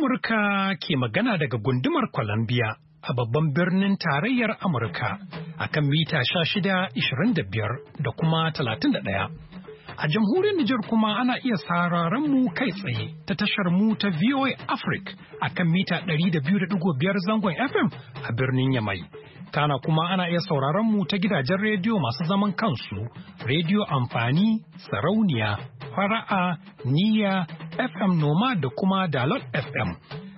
Amurka ke magana daga gundumar Columbia a babban birnin tarayyar Amurka a kan mita ishirin da kuma 31. A jamhuriyar Nijar kuma ana iya sararan mu kai tsaye ta tashar mu ta VOA Africa a kan mita 200.5 zangon FM a birnin Yamai. Kana kuma ana iya sauraron mu ta gidajen rediyo masu zaman kansu, rediyo amfani, sarauniya, fara'a niyya fm noma da kuma dalot fm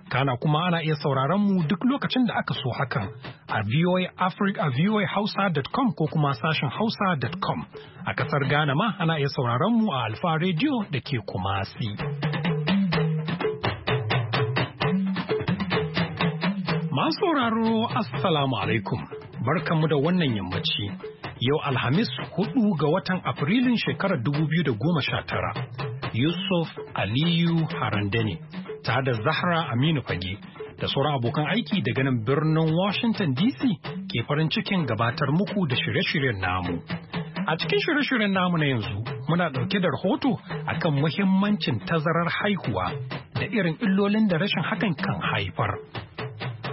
kana kuma ana iya sauraron mu duk lokacin da aka so hakan a voa africa voa hausa.com ko kuma sashen hausa.com a kasar ghana ma ana iya sauraron mu a alfa radio da ke kumasi masu sauraro assalamu alaikum barkanmu da wannan yammaci yau alhamis hudu ga watan afrilun shekarar 2019 yusuf aliyu harandani ta da zahra aminu fage da sauran abokan aiki daga nan birnin washington dc ke farin cikin gabatar muku da shirye-shiryen namu a cikin shirye-shiryen namu na yanzu muna ɗauke da rahoto a kan muhimmancin tazarar haihuwa da irin illolin da rashin hakan kan haifar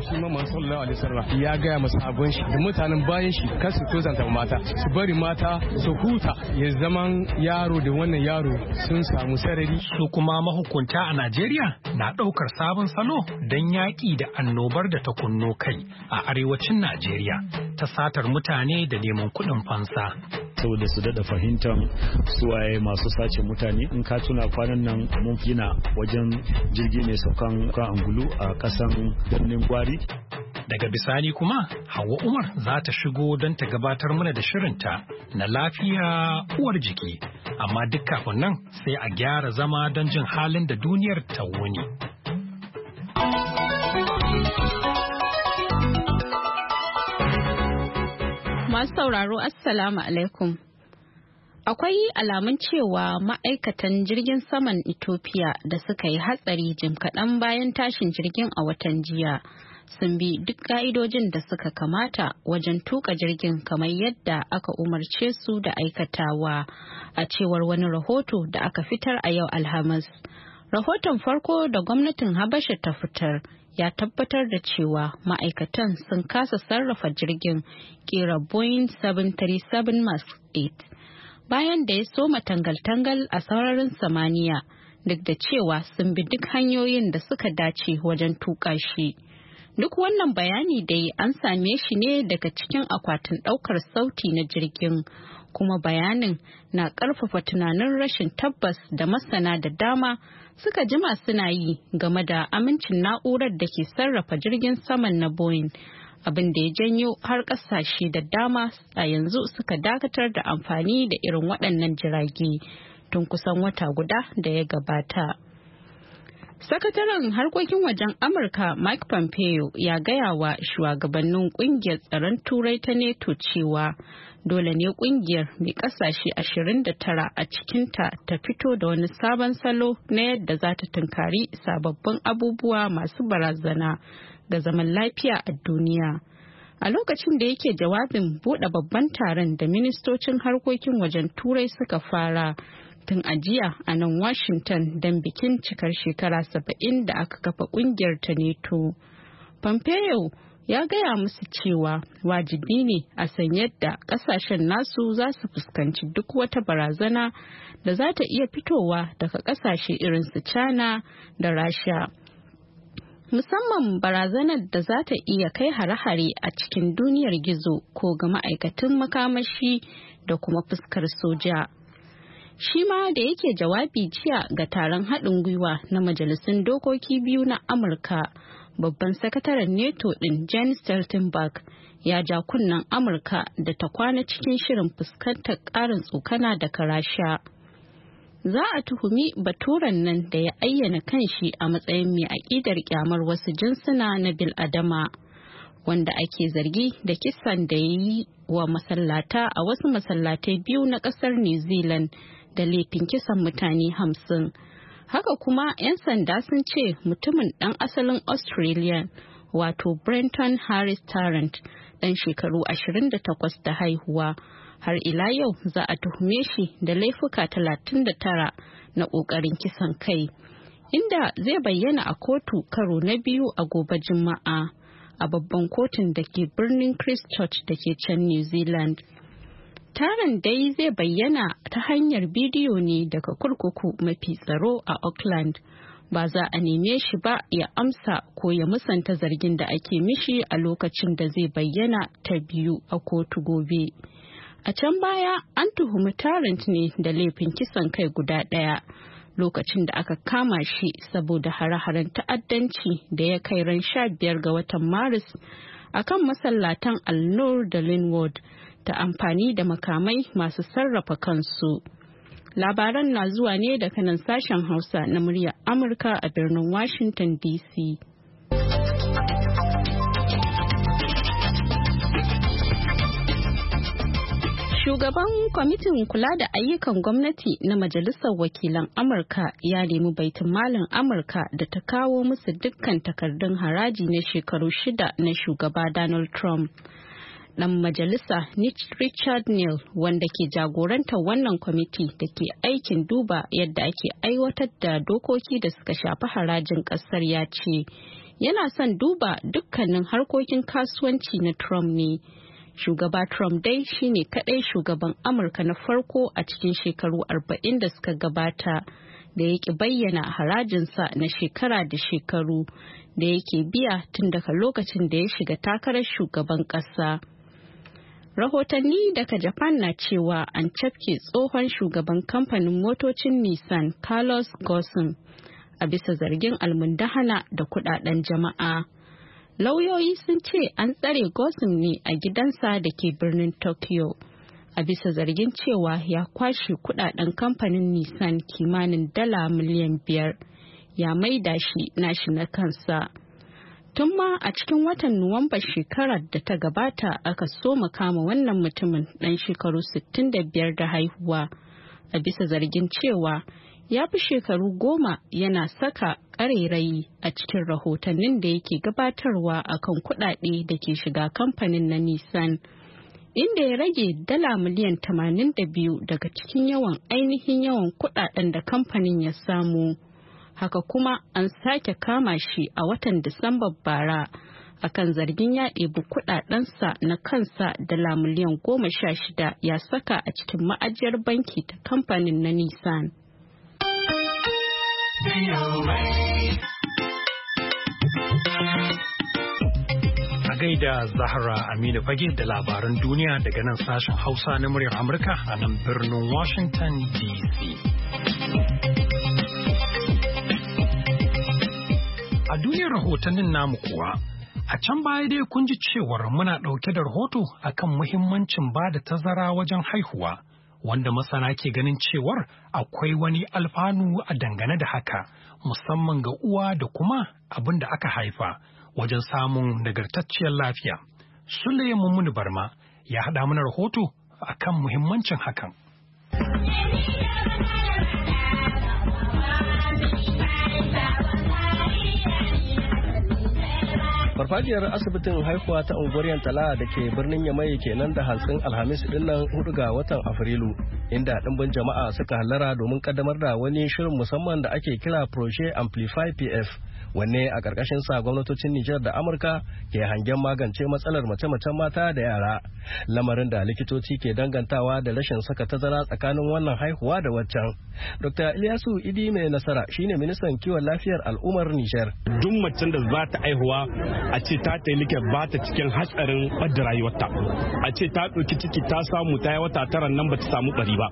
shi mamman sallallahu alaihi wasallam ya gaya masahabban shi da mutanen bayan shi kan su tozanta mata su bari mata su huta ya zaman yaro da wannan yaro sun samu sarari su kuma mahukunta a Najeriya na daukar sabon salo dan yaƙi da annobar da ta kunno kai a arewacin Najeriya ta satar mutane da neman kuɗin fansa saboda su dada fahimtar suwaye masu sace mutane in ka tuna kwanan nan mun gina wajen jirgi mai saukan angulu a kasan birnin gwari Daga bisani kuma Hauwa Umar za ta shigo don ta gabatar mana da shirinta na lafiya uwar jiki, amma duk kafin nan sai a gyara zama don jin halin da duniyar ta wuni. Masu sauraro Assalamu alaikum. Akwai alamun cewa ma'aikatan jirgin saman Ethiopia da suka yi hatsari jim kaɗan bayan tashin jirgin a watan jiya. sun bi duk ka'idojin da suka kamata wajen tuka jirgin kamar yadda aka umarce su da aikatawa a cewar wani rahoto da aka fitar a yau alhamis rahoton farko da gwamnatin habasha ta fitar ya tabbatar da cewa ma'aikatan sun kasa sarrafa jirgin kera boeing 737 max 8 bayan da ya soma tangal-tangal a sararin samaniya duk da cewa sun bi duk hanyoyin da suka dace wajen tuka shi. Duk wannan bayani da dai an same shi ne daga cikin akwatin ɗaukar sauti na jirgin, kuma bayanin na ƙarfafa tunanin rashin tabbas da masana da dama suka jima suna yi game da amincin na'urar da ke sarrafa jirgin saman na Boeing. abin da ya janyo har ƙasashe da dama a yanzu suka dakatar da amfani da irin waɗannan jirage tun kusan wata guda da ya gabata. Sakataren harkokin wajen Amurka Mike Pompeo ya gaya wa shugabannin kungiyar tsaron turai ta NETO cewa dole ne kungiyar mai kasashe 29 a cikinta ta fito da wani sabon salo na yadda za ta tunkari sababbin abubuwa masu barazana ga zaman lafiya a duniya. A lokacin da yake jawabin buɗe babban taron da ministocin harkokin wajen turai suka fara. tun ajiya a nan Washington don bikin cikar shekara saba'in da aka kafa kungiyar ta neto. Pompeo ya gaya musu cewa wajibi ne a san yadda kasashen nasu za su fuskanci duk wata barazana da za ta iya fitowa daga kasashe irin su China da Rasha. Musamman barazanar da za ta iya kai hare-hare a cikin duniyar gizo ko ga ma'aikatan makamashi da kuma fuskar soja. shi ma da yake jawabi jiya ga taron haɗin gwiwa na majalisun dokoki biyu na amurka babban sakataren neto ɗin Jan steltenberg ya ja kunnen amurka da ta kwana cikin shirin fuskantar ƙarin tsokana daga rasha za a tuhumi baturen nan da ya ayyana kanshi a matsayin mai aƙidar kyamar wasu jinsuna na bil'adama wanda ake zargi da kisan da ya yi wa masallata a wasu masallatai biyu na ƙasar new zealand da laifin kisan mutane hamsin. Haka kuma 'yan sanda sun ce mutumin ɗan asalin Australia wato Brenton Harris Tarrant ɗan shekaru 28 da haihuwa. Har ila yau za a tuhume shi da laifuka 39 na ƙoƙarin kisan kai. Inda zai bayyana a kotu karo na biyu a gobe Juma'a a babban kotun da ke birnin Christchurch da ke can New Zealand. Taron dai zai bayyana ta hanyar bidiyo ne daga kurkuku mafi tsaro a Auckland. Ba za a neme shi ba ya amsa ko ya musanta zargin da ake mishi a lokacin da zai bayyana ta biyu a kotu gobe. A can baya an tuhumi Tarrant ne da laifin kisan kai guda ɗaya lokacin da aka kama shi saboda hare-haren ta'addanci da ya kai ran sha biyar ga watan Maris a kan masallatan Allur da Linwood ta amfani da makamai masu sarrafa kansu. Labaran na zuwa ne da nan sashen Hausa na muryar Amurka a birnin Washington DC. Shugaban kwamitin kula da ayyukan gwamnati na Majalisar Wakilan Amurka ya nemi baitin malin Amurka da ta kawo musu dukkan takardun haraji na shekaru shida na shugaba Donald Trump. ɗan majalisa Richard Neal wanda ke jagorantar wannan kwamiti da ke aikin duba yadda ake aiwatar da dokoki da suka shafi harajin ƙasar ya ce yana son duba dukkanin harkokin kasuwanci na Trump ne. Shugaba Trump dai shine kaɗai shugaban Amurka na farko a cikin shekaru arba'in da suka gabata. da yake bayyana harajinsa na shekara da shekaru da yake biya tun daga lokacin da ya shiga takarar shugaban ƙasa. Rahotanni daga Japan na cewa an cafke tsohon shugaban kamfanin motocin Nissan Carlos Ghosn a bisa zargin almundahana da kudaden jama'a. Lauyoyi sun ce an tsare Ghosn ne a gidansa da ke birnin Tokyo. a bisa zargin cewa ya kwashe kudaden kamfanin Nissan kimanin dala miliyan biyar ya maida shi nashi na kansa. Tun ma a cikin watan Nuwamba shekarar da ta gabata aka so mu kama wannan mutumin ɗan shekaru 65 da haihuwa a bisa zargin cewa ya fi shekaru goma yana saka ƙarairayi a cikin rahotannin da yake gabatarwa a kan kuɗaɗe da ke shiga kamfanin na nisan, Inda ya rage dala miliyan 82 daga cikin yawan ainihin yawan kuɗaɗen da kamfanin ya samu. haka kuma an sake kama shi a watan Disambar bara akan zargin ya ɗebi kuɗaɗensa na kansa dala miliyan goma sha shida ya saka a cikin ma'ajiyar banki ta kamfanin na Nissan. A gaida Zahra Aminu Fage da labaran duniya daga nan sashen Hausa na muryar Amurka a nan birnin Washington DC. A duniyar rahotannin namu kuwa, a can baya dai kun ji cewar muna ɗauke da rahoto akan muhimmancin ba da tazara wajen haihuwa, wanda masana ke ganin cewar akwai wani alfanu a dangane da haka, musamman ga uwa da kuma abin da aka haifa wajen samun nagartacciyar lafiya. Sule Mummuni Barma ya haɗa mana rahoto akan muhimmancin hakan. farfajiyar asibitin haihuwa ta unguwar yantala da ke birnin yamai kenan da hantsin alhamis dinnan hudu ga watan afrilu inda dimbin jama'a suka halara domin kaddamar da wani shirin musamman da ake kira proje amplify pf wanne a ƙarƙashin sa gwamnatocin Nijar da Amurka ke hangen magance matsalar mace-macen mata da yara lamarin da likitoci ke dangantawa da rashin saka tazara tsakanin wannan haihuwa da waccan. Dr. Ilyasu Idi mai nasara shine ministan kiwon lafiyar al'ummar Nijar. Duk macen da za ta haihuwa a ce ta taimake ba ta cikin hatsarin ɓadda rayuwarta. A ce ta ɗauki ciki ta samu ta yi wata tara nan ba ta samu ɓari ba.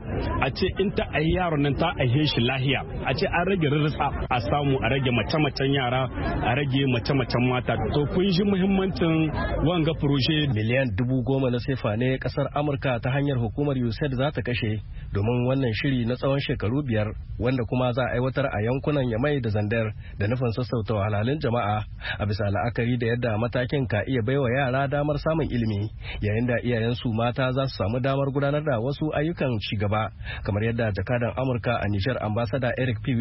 A ce in ta aihi yaron nan ta aihe shi lahiya. A ce an rage rirritsa a samu a rage mace-macen yara yara a rage mace-macen mata to kun ji muhimmancin wanga furushe miliyan dubu goma na sefa ne kasar amurka ta hanyar hukumar usaid za ta kashe domin wannan shiri na tsawon shekaru biyar wanda kuma za a aiwatar a yankunan yamai da zandar da nufin sassauta wahalhalun jama'a a bisa la'akari da yadda matakin ka iya baiwa yara damar samun ilimi yayin da iyayensu mata za su samu damar gudanar da wasu ayyukan ci gaba kamar yadda jakadan amurka a nijar ambasada eric p.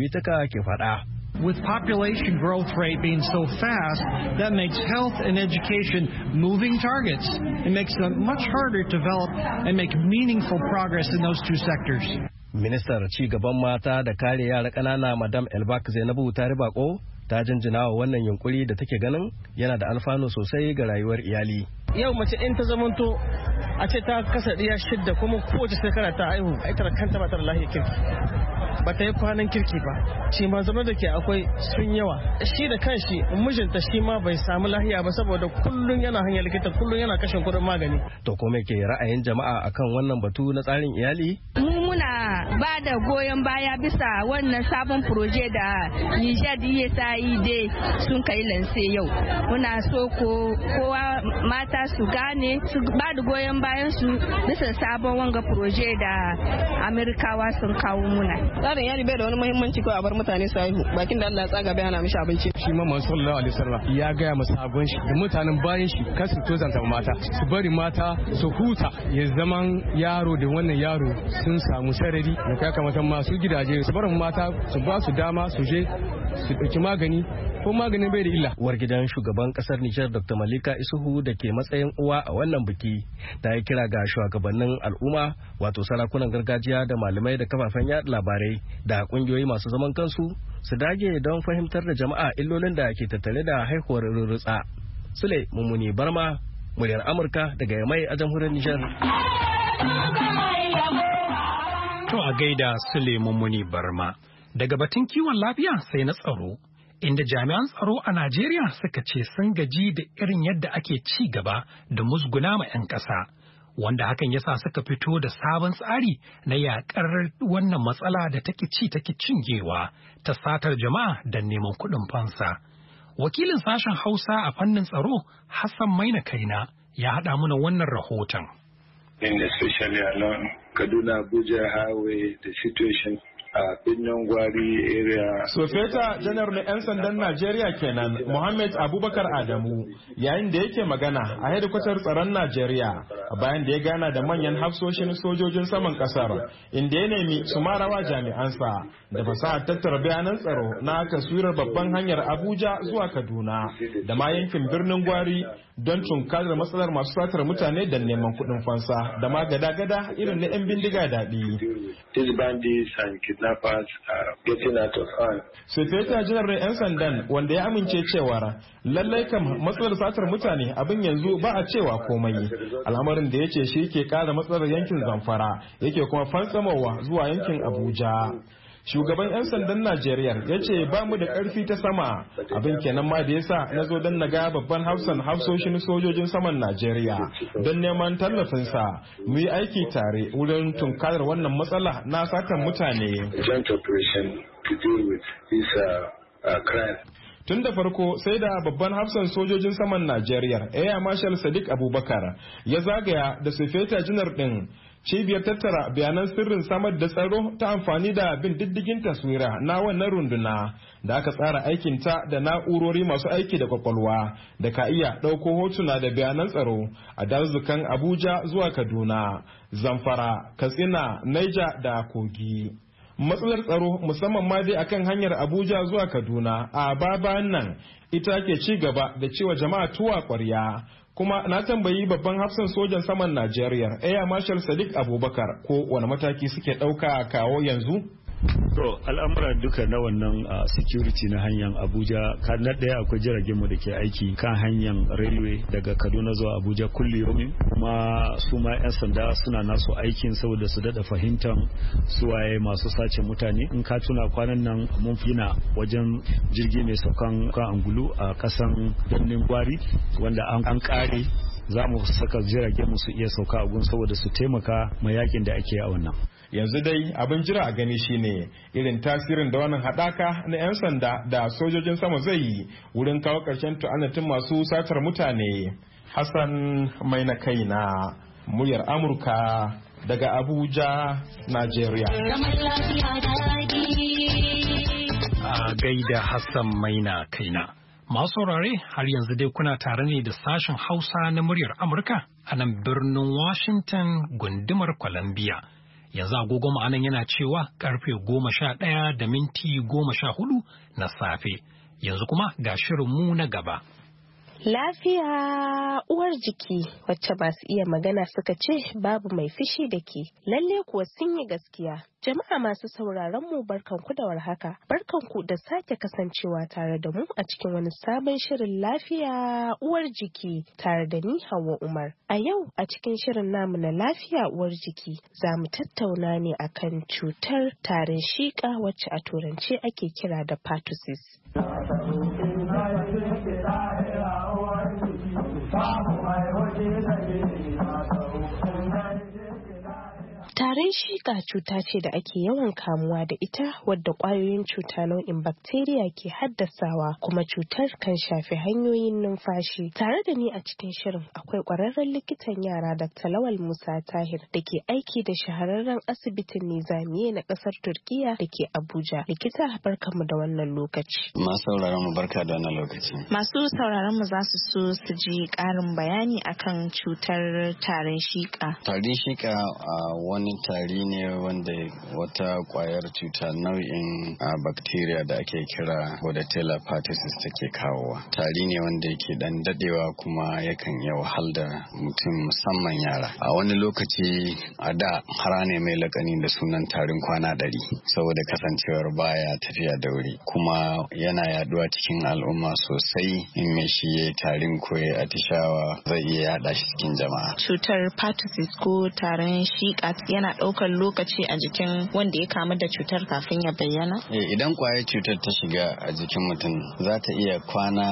ke faɗa. With growth rate being so fast, that makes health and education moving targets. It makes it much harder to develop and make meaningful progress in those two sectors. mata da kare yara Madam Elbak Zainabu ta jinjina wa wannan yunkuri da take ganin yana da alfanu sosai ga rayuwar iyali. yau mace in ta zamanto a ce ta kasa ɗiya shidda kuma kowace shekara ta aihu a ita kanta ba ta lahiyar kirki ba ta yi kwanan kirki ba shi ma zama da ke akwai sun yawa shi da kanshi mijinta shi ma bai samu lahiya ba saboda kullum yana hanyar likita kullum yana kashe kuɗin magani to kome ke ra'ayin jama'a akan wannan batu na tsarin iyali ba da goyon baya bisa wannan sabon proje da Nijad ESI dai sun kai lanse yau. Muna so ko kowa mata su gane su ba da goyon bayan su bisa sabon wanga proje da Amerikawa sun kawo muna. Tsarin yari bai da wani muhimmanci ko a bar mutane su haihu bakin da Allah ya tsaga bayana mishi abinci. Shi ma Mansu Allah Alaihi Sarra ya gaya ma sabon shi da mutanen bayan shi kan su tozanta mata su bari mata su huta ya zaman yaro da wannan yaro sun samu sarari asibitoci na kai kamata masu gidaje su barin mata su ba su dama su je su ɗauki magani ko maganin bai da illa. Uwar gidan shugaban kasar Nijar Dr. Malika Isuhu da ke matsayin uwa a wannan biki ta yi kira ga shugabannin al'umma wato sarakunan gargajiya da malamai da kafafen yaɗa labarai da kungiyoyi masu zaman kansu su dage don fahimtar da jama'a illolin da ke tattare da haihuwar rurrutsa. Sule Mummuni Barma, muryar Amurka daga Yamai a jamhuriyar Nijar. To a gaida Suleiman Muni Barma. Daga batun kiwon lafiya sai na tsaro, inda jami'an tsaro a Najeriya suka ce sun gaji da irin yadda ake ci gaba da musguna ma 'yan ƙasa. Wanda hakan yasa suka fito da sabon tsari na yaƙar wannan matsala da take ci take cingewa ta satar jama'a da neman kuɗin fansa. Wakilin sashen Hausa a fannin tsaro Hassan Maina Kaina ya haɗa mana wannan rahoton. and especially along Kaduna-Abuja highway, the situation a gwari area sofeta janar na 'yan sandan najeriya kenan muhammed abubakar adamu yayin da yake magana a hedikwatar tsaron najeriya bayan da ya gana da manyan hafsoshin sojojin saman kasar inda ya nemi su marawa jami'ansa da fasahar tattara bayanan tsaro na taswirar babban hanyar abuja zuwa kaduna da ma yankin birnin gwari don tunkarar matsalar masu satar mutane da neman kuɗin fansa da ma gada-gada irin na 'yan bindiga daɗi his bandits and kidnappers are getting out of hand. Sufeta da 'yan sandan wanda ya amince cewar lallai kam matsalar satar mutane abin yanzu ba a cewa komai. Al'amarin da ya ce shi ke kara matsalar yankin Zamfara yake kuma fantsamawa zuwa yankin Abuja. shugaban 'yan sandan najeriya ya ce ba mu da karfi ta sama abin kenan ma da ya sa na zo don na ga babban hafsan hafsoshin sojojin saman najeriya don neman tallafinsa mu yi aiki tare wurin tunkarar wannan matsala na satan mutane uh, uh, tun da farko sai da babban hafsan sojojin saman najeriya air marshal sadiq abubakar ya zagaya da sufeta janar din cibiyar tattara bayanan sirrin samar da tsaro ta amfani da bin diddigin taswira na wannan runduna da aka tsara aikinta da na'urori masu aiki da kwakwalwa da ka iya ɗauko hotuna da bayanan tsaro a dazukan abuja zuwa kaduna zamfara katsina naija da kogi matsalar tsaro musamman ma dai akan hanyar abuja zuwa kaduna a baban nan ita ke ci gaba da cewa jama'a tuwa kwarya kuma na tambayi babban hafsan sojan saman Najeriya Air Marshal Sadiq Abubakar ko wani mataki suke ɗauka kawo yanzu to al'amura duka na wannan ah, security na hanyar abuja na daya akwai jiragen mu da ke aiki kan hanyar railway daga kaduna zuwa abuja kulliyomi kuma su ma 'yan sanda suna nasu aikin saboda su dada fahimtar suwaye masu sace mutane in ka tuna kwanan nan mun fina wajen jirgi mai saukan kan angulu a kasan birnin gwari wanda an kare za mu saka jiragen mu su iya sauka a gun saboda su taimaka ma yakin da ake a wannan yanzu dai abin jira a gani shine irin tasirin da wannan haɗaka na 'yan sanda da sojojin sama zai yi wurin kawo ƙarshen tu'anatin masu satar mutane hassan mai na kai muryar amurka daga abuja nigeria a gaida hassan mai kaina masu saurare har yanzu dai kuna tare ne da sashen hausa na muryar amurka a nan birnin washington gundumar columbia yanzu agogo ma'anan yana cewa karfe goma sha ɗaya da minti goma sha hudu na safe yanzu kuma ga shirinmu na gaba. Lafiya uwar jiki wacce masu iya magana suka ce babu mai fishi da ke. Lalle kuwa sun yi gaskiya. Jama'a masu sauraron mu barkanku da warhaka. Barkanku da sake kasancewa tare da mu a cikin wani sabon shirin lafiya uwar jiki tare da ni Hauwa Umar. A yau a cikin shirin namu na lafiya uwar jiki za mu tattauna ne akan cutar tarin shiƙa wacce a turance ake kira da pertussis. Tarin shiƙa cuta ce da ake yawan kamuwa da ita wadda ƙwayoyin cuta nau'in bakteriya ke haddasawa kuma cutar kan shafi hanyoyin numfashi. Tare da ni a cikin shirin akwai ƙwararren likitan yara da Lawal Musa Tahir da ke aiki da shahararren asibitin Nizamiye na ƙasar Turkiya da ke Abuja. Likita mu da wannan lokaci. Masu sauraron mu barka da lokaci. Masu sauraron mu za su so su ji ƙarin bayani akan cutar tarin shika. Tarin shika wani wani tari ne wanda wata kwayar cuta nau'in a bacteria da ake kira Bordetella pertussis take kawowa. Tari ne wanda yake dan dadewa kuma yakan yi wahal da mutum musamman yara. A wani lokaci a da hara ne mai lakani da sunan tarin kwana ɗari saboda kasancewar baya tafiya da wuri kuma yana yaduwa cikin al'umma sosai in mai shi ya tarin koyi atishawa zai iya yada shi cikin jama'a. Cutar pertussis ko tarin shi yana ɗaukar lokaci a jikin wanda ya kamu da cutar kafin ya bayyana? Eh, idan kwayar cutar ta shiga a jikin mutum za ta iya kwana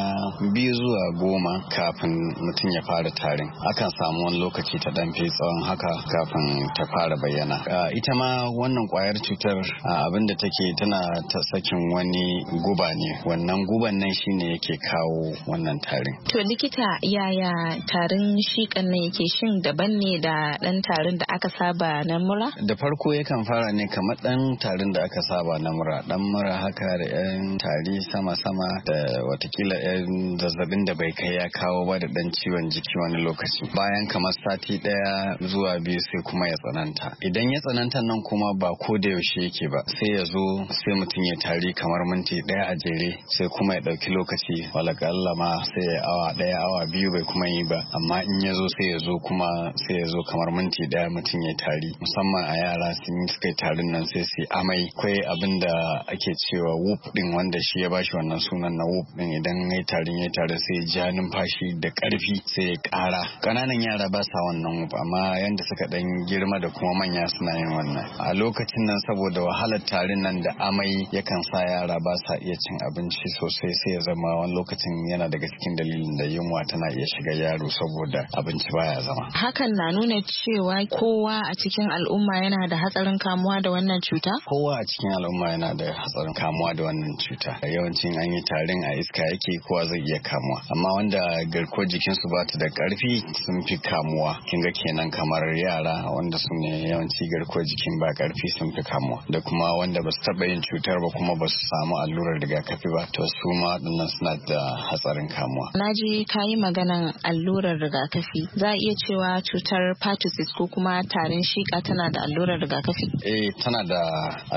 biyu zuwa goma kafin mutum ya fara tarin. Akan samu wani lokaci ta ɗan fi tsawon haka kafin ta fara bayyana. Ita ma wannan kwayar cutar abin da take tana ta sakin wani guba ne. Wannan guban nan shine yake kawo wannan tarin. To likita yaya tarin shikan nan yake shin daban ne da ɗan tarin da aka saba na nan mura? Da farko yakan fara ne kamar ɗan tarin da aka saba na mura, ɗan mura haka da ‘yan tari sama-sama da watakila ‘yan zazzabin da bai kai ya kawo ba da ɗan ciwon jiki wani lokaci. Bayan kamar sati ɗaya zuwa biyu sai kuma ya tsananta. Idan ya tsananta nan kuma ba ko da yaushe yake ba, sai ya zo sai mutum ya tari kamar minti ɗaya a jere sai kuma ya ɗauki lokaci walakalla ma sai ya awa ɗaya awa biyu bai kuma yi ba, amma in ya zo sai ya zo kuma sai ya zo kamar minti ɗaya mutum ya tari. musamman a yara sun yi suka tarin nan sai su amai kwai abin da ake cewa whoop din wanda shi ya bashi wannan sunan na whoop din idan ya tarin ya tare sai ja numfashi da karfi sai ya kara kananan yara ba sa wannan whoop amma yanda suka dan girma da kuma manya suna yin wannan a lokacin nan saboda wahalar tarin nan da amai yakan sa yara ba sa iya cin abinci sosai sai ya zama wani lokacin yana daga cikin dalilin da yunwa tana iya shiga yaro saboda abinci baya zama hakan na nuna cewa kowa a cikin al'umma yana da hatsarin kamuwa da wannan cuta? Kowa a cikin al'umma yana da hatsarin kamuwa da wannan cuta. Yawancin an yi tarin a iska yake kowa zai iya kamuwa. Amma wanda garkuwar jikinsu ba ta da ƙarfi sun fi kamuwa. Kin ga kenan kamar yara wanda su ne yawanci garkuwar jikin ba ƙarfi sun fi kamuwa. Da kuma wanda ba su taɓa yin cutar ba kuma ba su samu allurar rigakafi ba to su ma waɗannan suna da hatsarin kamuwa. Na ji ka yi maganan allurar rigakafi. Za a iya cewa cutar patisis ko kuma tarin shika tana da allurar rigakafi? Eh tana da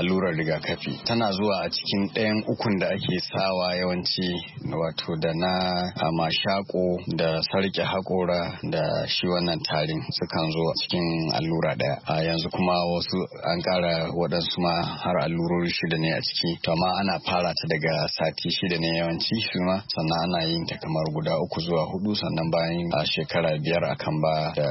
allurar rigakafi. Tana zuwa a cikin ɗayan ukun da ake sawa yawanci wato da na mashako da sarki haƙora da shi wannan tarin sukan zo cikin allura ɗaya. A yanzu kuma wasu an ƙara waɗansu ma har allurori shida ne a ciki. To amma ana fara ta daga sati shida ne yawanci shi ma sannan ana yin ta kamar guda uku zuwa hudu sannan bayan a shekara biyar akan ba da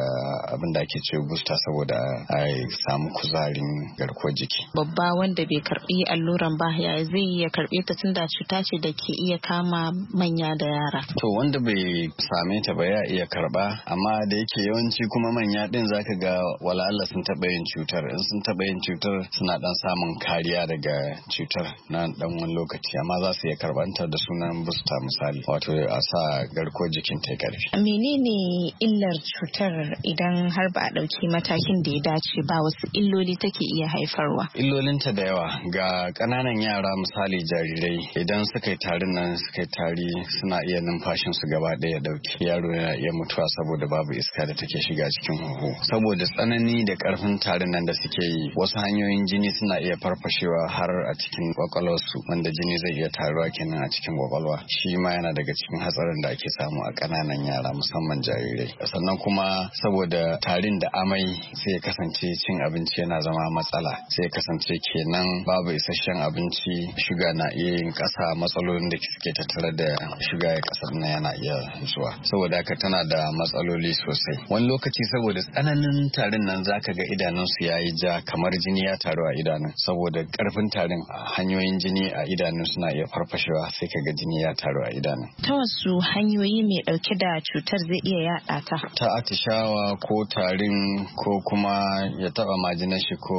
abin da ake ce booster saboda a ya samu kuzarin garkuwar jiki. Babba wanda bai karbi alluran ba ya zai ya karbe ta tunda cuta ce da ke iya kama manya da yara. To wanda bai same ta ba ya iya karba amma da yake yawanci kuma manya din zaka ga wala Allah sun taba yin cutar in sun taba yin cutar suna dan samun kariya daga cutar na dan wani lokaci amma za su iya karbanta da sunan busta misali wato a sa garkuwar jikin ta karfi. Menene illar cutar idan har ba a ɗauki matakin da ya dace ce ba wasu illoli take iya haifarwa. Illolinta da yawa ga ƙananan yara misali jarirai idan suka yi tarin nan suka yi tari suna iya numfashin su gaba ɗaya ɗauki yaro yana iya mutuwa saboda babu iska da take shiga cikin huhu saboda tsanani da karfin tarin nan da suke yi wasu hanyoyin jini suna iya farfashewa har a cikin kwakwalwarsu wanda jini zai iya taruwa kenan a cikin kwakwalwa shi ma yana daga cikin hatsarin da ake samu a ƙananan yara musamman jarirai sannan kuma saboda tarin da amai sai ya kasance kasance cin abinci yana zama matsala sai kasance kenan babu isasshen abinci shuga na iya yin ƙasa matsalolin da suke tattare da shuga ya kasar na yana iya zuwa saboda haka tana da matsaloli sosai wani lokaci saboda tsananin tarin nan zaka ga idanunsu ya yi ja kamar jini ya taru a idanun saboda karfin tarin hanyoyin jini a idanun suna iya farfashewa sai ka ga jini ya taru a idanun ta wasu hanyoyi mai ɗauke da cutar zai iya yaɗa ta ta atishawa ko tarin ko kuma ya taba majinar shi ko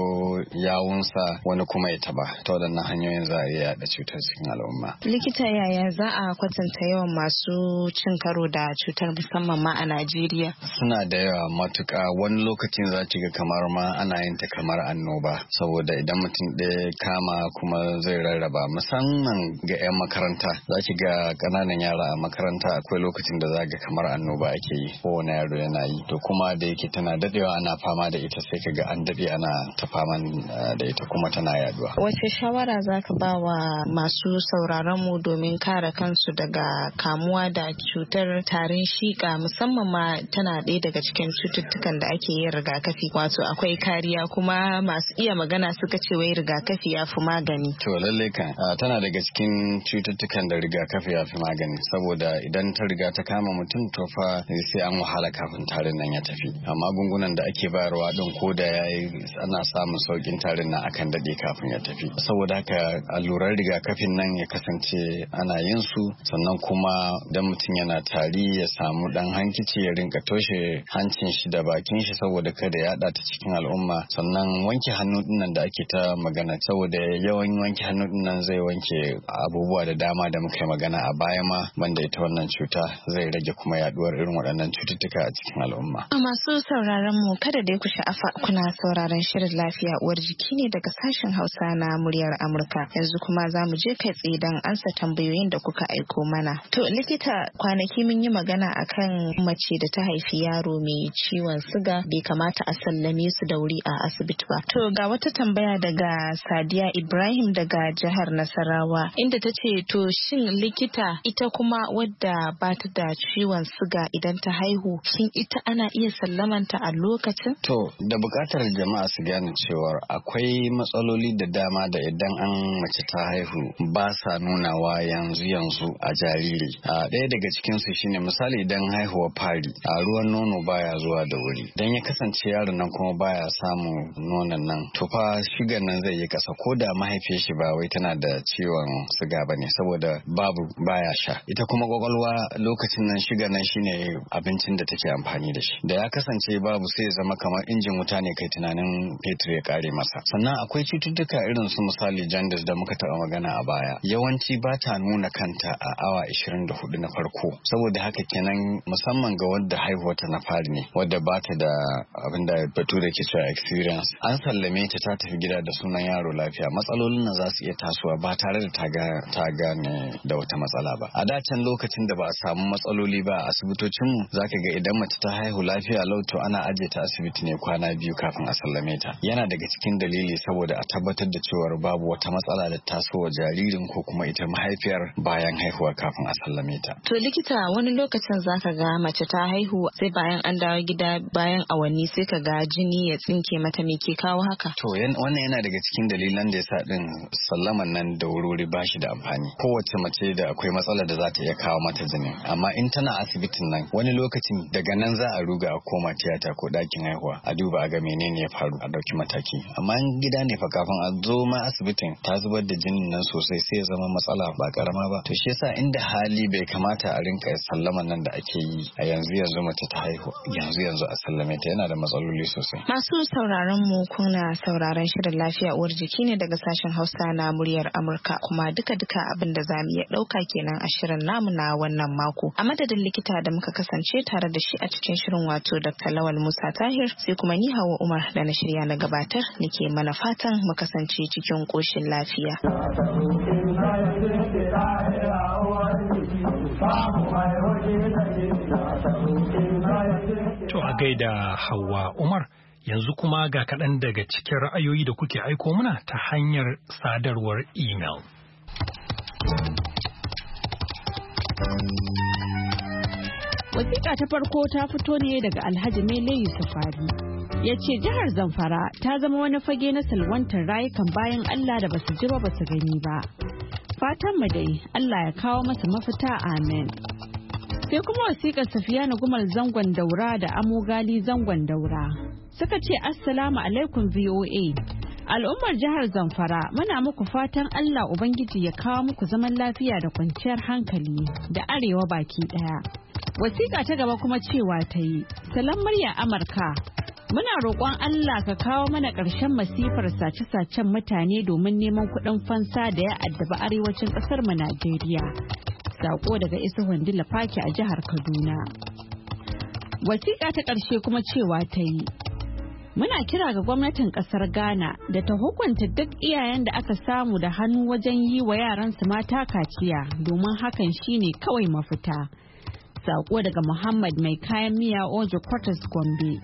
yawunsa wani kuma ya taba ta waɗannan hanyoyin za a iya yaɗa cutar cikin al'umma. likita yaya za a kwatanta yawan masu cin karo da cutar musamman ma a najeriya. suna da yawa matuka wani lokacin za ci ga kamar ma ana yin ta kamar annoba saboda idan mutum ɗaya kama kuma zai rarraba musamman ga 'yan makaranta za ki ga ƙananan yara a makaranta akwai lokacin da za ga kamar annoba ake yi kowane yaro yana yi to kuma da yake tana daɗewa ana fama da ita sai sai ka ga an daɗe ana ta faman eh, da ita kuma tana yaduwa. Wace shawara za ka ba wa masu sauraron mu domin kare kansu daga kamuwa da cutar tarin shika musamman ma tana daya daga cikin cututtukan da ake yin rigakafi wato akwai kariya kuma masu iya magana suka ce wai rigakafi ya fi magani. To lalle kan eh, tana daga cikin cututtukan da rigakafi ya fi magani saboda idan ta riga ta kama mutum to fa sai an wahala kafin tarin nan ya tafi amma magungunan da ake bayarwa din ko ko ya yi ana samun saukin tarin na akan daɗe kafin ya tafi saboda haka allurar rigakafin nan ya kasance ana yin su sannan kuma idan mutum yana tari ya samu dan hankici ya rinka toshe hancin shi da bakin shi saboda kada ya ta cikin al'umma sannan wanke hannu dinnan da ake ta magana saboda yawan wanke hannu dinnan zai wanke abubuwa da dama da muka yi magana a baya ma banda ita wannan cuta zai rage kuma yaduwar irin waɗannan cututtuka a cikin al'umma. A Masu sauraron mu kada da ya ku sha'afa Kuna sauraron shirin lafiya uwar jiki ne daga sashen Hausa na muryar Amurka. Yanzu kuma za mu je kai tsaye don ansa tambayoyin da kuka aiko mana. To likita kwanaki mun yi magana akan mace da ta haifi yaro mai ciwon suga bai kamata a sallame su da wuri a asibiti ba. To ga wata tambaya daga Sadiya Ibrahim daga jihar Nasarawa inda ta ce to shin likita ita kuma wadda ba ta da ciwon suga idan ta haihu shin ita ana iya sallamanta a lokacin? To da Bukatar jama'a su gane cewa akwai matsaloli da dama da idan an mace ta haihu ba sa nunawa yanzu yanzu a jariri a ɗaya daga cikinsu shine misali idan haihuwa fari a ruwan nono baya zuwa da wuri don ya kasance yaron nan kuma baya samun nonon nan to fa shigan nan zai yi kasa ko da mahaifiyar shi ba wai tana da ciwon siga bane saboda babu baya sha ita kuma kwakwalwa lokacin nan shigan nan shine abincin da take amfani da shi da ya kasance babu sai ya zama kamar injin wuta mutane kai tunanin fetur ya kare masa sannan akwai cututtuka irin su misali jandis da muka taba magana a baya yawanci ba ta nuna kanta a awa hudu na farko saboda haka kenan musamman ga wadda ta na fari ne wadda ba ta da abin da bature ke cewa experience an sallame ta ta tafi gida da sunan yaro lafiya matsalolin nan za su iya tasowa ba tare da ta gane da wata matsala ba a dacen lokacin da ba a samu matsaloli ba a asibitocinmu mu zaka ga idan mace ta haihu lafiya lau to ana ajiye ta asibiti ne kwana biyu kafin a sallame ta yana daga cikin dalili saboda a tabbatar da cewar babu wata matsala da tasowa jaririn ko kuma ita mahaifiyar bayan haihuwa kafin a sallame ta to likita wani lokacin zaka ga mace ta haihu sai bayan an dawo gida bayan awanni sai ka ga jini ya tsinke mata me ke kawo haka to wannan yana daga cikin dalilan da ya yasa din sallaman nan da wuri ba shi da amfani kowace mace da akwai matsala da za ta iya kawo mata jini amma in tana asibitin nan wani lokacin daga nan za a ruga a koma tiyata ko dakin haihuwa a duba ga menene ya faru a ɗauki mataki amma in gida ne fa kafin a zo ma asibitin ta zubar da jinin nan sosai sai ya zama matsala ba karama ba to shi yasa inda hali bai kamata a rinka sallama nan da ake yi a yanzu yanzu mace ta haihu yanzu yanzu a sallame ta yana da matsaloli sosai masu sauraron mu kuna sauraron shirin lafiya uwar jiki ne daga sashen Hausa na muryar Amurka kuma duka-duka abin da zamu iya dauka kenan a shirin namu na wannan mako a madadin likita da muka kasance tare da shi a cikin shirin wato Dr. Lawal Musa Tahir sai kuma ni Hawa Umar da na shirya na gabatar nake mana fatan mu kasance cikin koshin lafiya. To a gaida Hawa Umar yanzu kuma ga kaɗan daga cikin ra'ayoyi da kuke aiko muna ta hanyar sadarwar email. Wasiƙa ta farko ta fito ne daga Alhaji Mele Fari. ya ce jihar zamfara ta zama wani fage na salwantar rayukan bayan allah da basu jira basu gani ba fatan mu dai allah ya kawo masa mafita amen sai kuma wasiƙar safiya na gumal zangon daura da amogali zangon daura suka ce assalamu alaikum voa al'ummar jihar zamfara muna muku fatan allah ubangiji ya kawo muku zaman lafiya da kwanciyar hankali da arewa baki daya wasiƙa ta gaba kuma cewa ta yi salam murya amurka Muna roƙon Allah ka kawo mana ƙarshen masifar sace-sacen mutane domin neman kuɗin fansa da ya addaba arewacin ƙasar mu Najeriya. saƙo daga Isa Wandila Faki a jihar Kaduna. Wasiƙa ta ƙarshe kuma cewa ta yi. Muna kira ga gwamnatin ƙasar Ghana da ta hukunta duk iyayen da aka samu da hannu wajen yi wa yaransu mata kaciya domin hakan shine kawai mafita. saƙo daga Muhammad mai kayan miya Ojo Cortes Gombe.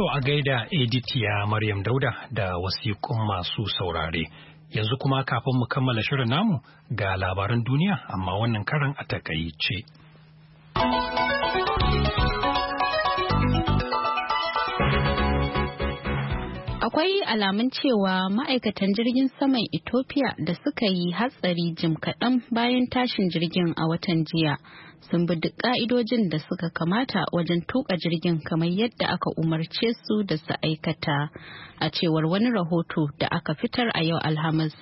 To a gaida editiya Maryam Dauda da wasiƙun masu saurare. Yanzu kuma kafin mu kammala shirin namu ga labaran duniya amma wannan karan a takaice. Akwai alamun cewa ma'aikatan jirgin saman Ethiopia da suka yi hatsari jim kaɗan bayan tashin jirgin a watan jiya sun bi duk ƙa'idojin da suka kamata wajen tuka jirgin kamar yadda aka umarce su da su aikata a cewar wani rahoto da aka fitar a yau Alhamis.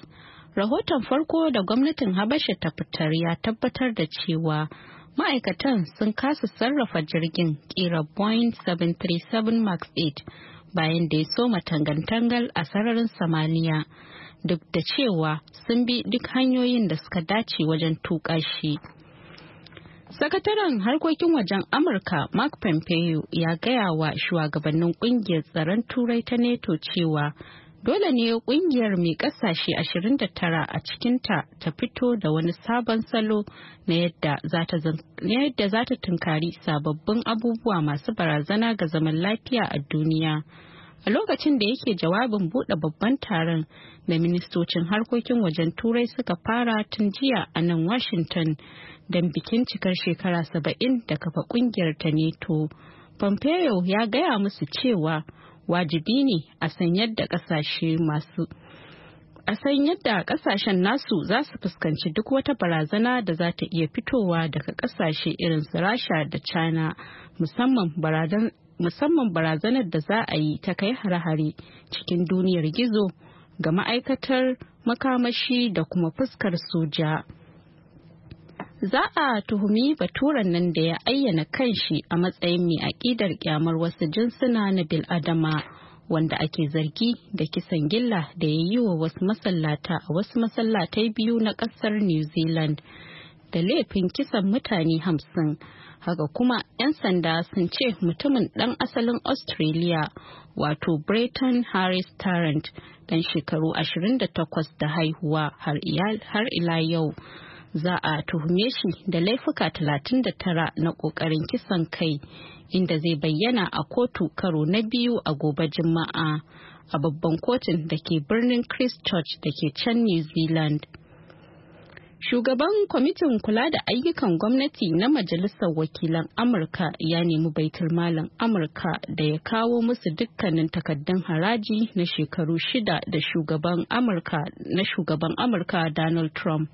Rahoton farko da gwamnatin Habasha ta fitar ya tabbatar da cewa ma'aikatan sun kasa sarrafa jirgin ƙira Boeing 737 Max 8 bayan da ya soma tangantangal a sararin samaniya duk da cewa sun bi duk hanyoyin da suka dace wajen tuƙa shi. Sakataren harkokin wajen Amurka Mark Pompeo ya gaya wa shugabannin kungiyar tsaron Turai ta NETO cewa dole ne kungiyar mai kasashe 29 a cikinta ta fito da wani sabon salo na yadda za ta tunkari sababbin abubuwa masu barazana ga zaman lafiya a duniya a lokacin da yake jawabin buɗe babban taron da ministocin harkokin wajen turai suka fara tun jiya a nan washington don bikin cikar shekara 70 da kafa kungiyar ta neto pompeo ya gaya musu cewa wajibi ne a san yadda kasashe masu a san yadda kasashen nasu za su fuskanci duk wata barazana da za ta iya fitowa daga kasashe irin su rasha da china musamman barazanar da za a yi ta kai hare-hare cikin duniyar gizo ga ma'aikatar makamashi da kuma fuskar soja. za a tuhumi baturen nan da ya ayyana kanshi a matsayin mai aƙidar kyamar wasu jinsuna na biladama wanda ake zargi da kisan gilla da ya yi wa wasu masallata a wasu masallatai biyu na ƙasar new zealand da laifin kisan mutane hamsin haka kuma 'yan sanda sun ce mutumin ɗan asalin australia wato breton harris tarrant ɗan shekaru 28 da haihuwa har ila yau za a tuhume shi da laifuka 39 na kokarin kisan kai inda zai bayyana a kotu karo na biyu a gobe juma'a a babban kotun da ke birnin christchurch da ke can new zealand shugaban kwamitin kula da ayyukan gwamnati na majalisar wakilan amurka ya nemi baitul malam amurka da ya kawo musu dukkanin takaddun haraji na shekaru shida da shugaban amurka na shugaban amurka donald trump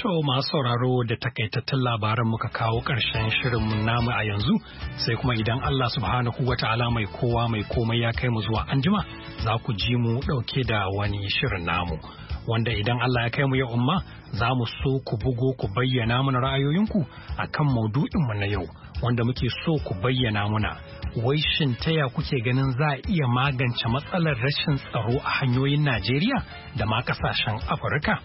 To masu sauraro da takaitattun labaran muka kawo ƙarshen shirin mu namu a yanzu sai kuma idan Allah subhanahu wa ta'ala mai kowa mai komai ya kai mu zuwa anjima za ku ji mu ɗauke da wani shirin namu. Wanda idan Allah ya kai mu ya umma za mu so ku bugo ku bayyana mana ra'ayoyinku a kan mu na yau wanda muke so ku bayyana muna. Wai shin taya kuke ganin za a iya magance matsalar rashin tsaro a hanyoyin Najeriya da ma ƙasashen Afirka?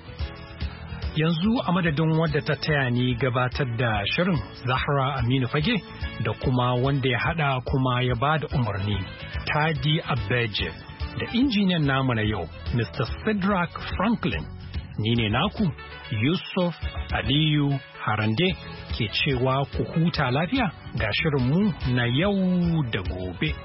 yanzu a madadin wadda ta taya ni gabatar da shirin zahra aminu fage da kuma wanda ya hada kuma ya ba da umarni tadi abeje da injiniyan namu na yau mr cedric franklin ni ne naku yusuf aliyu harande ke cewa ku huta lafiya ga shirinmu na yau da gobe.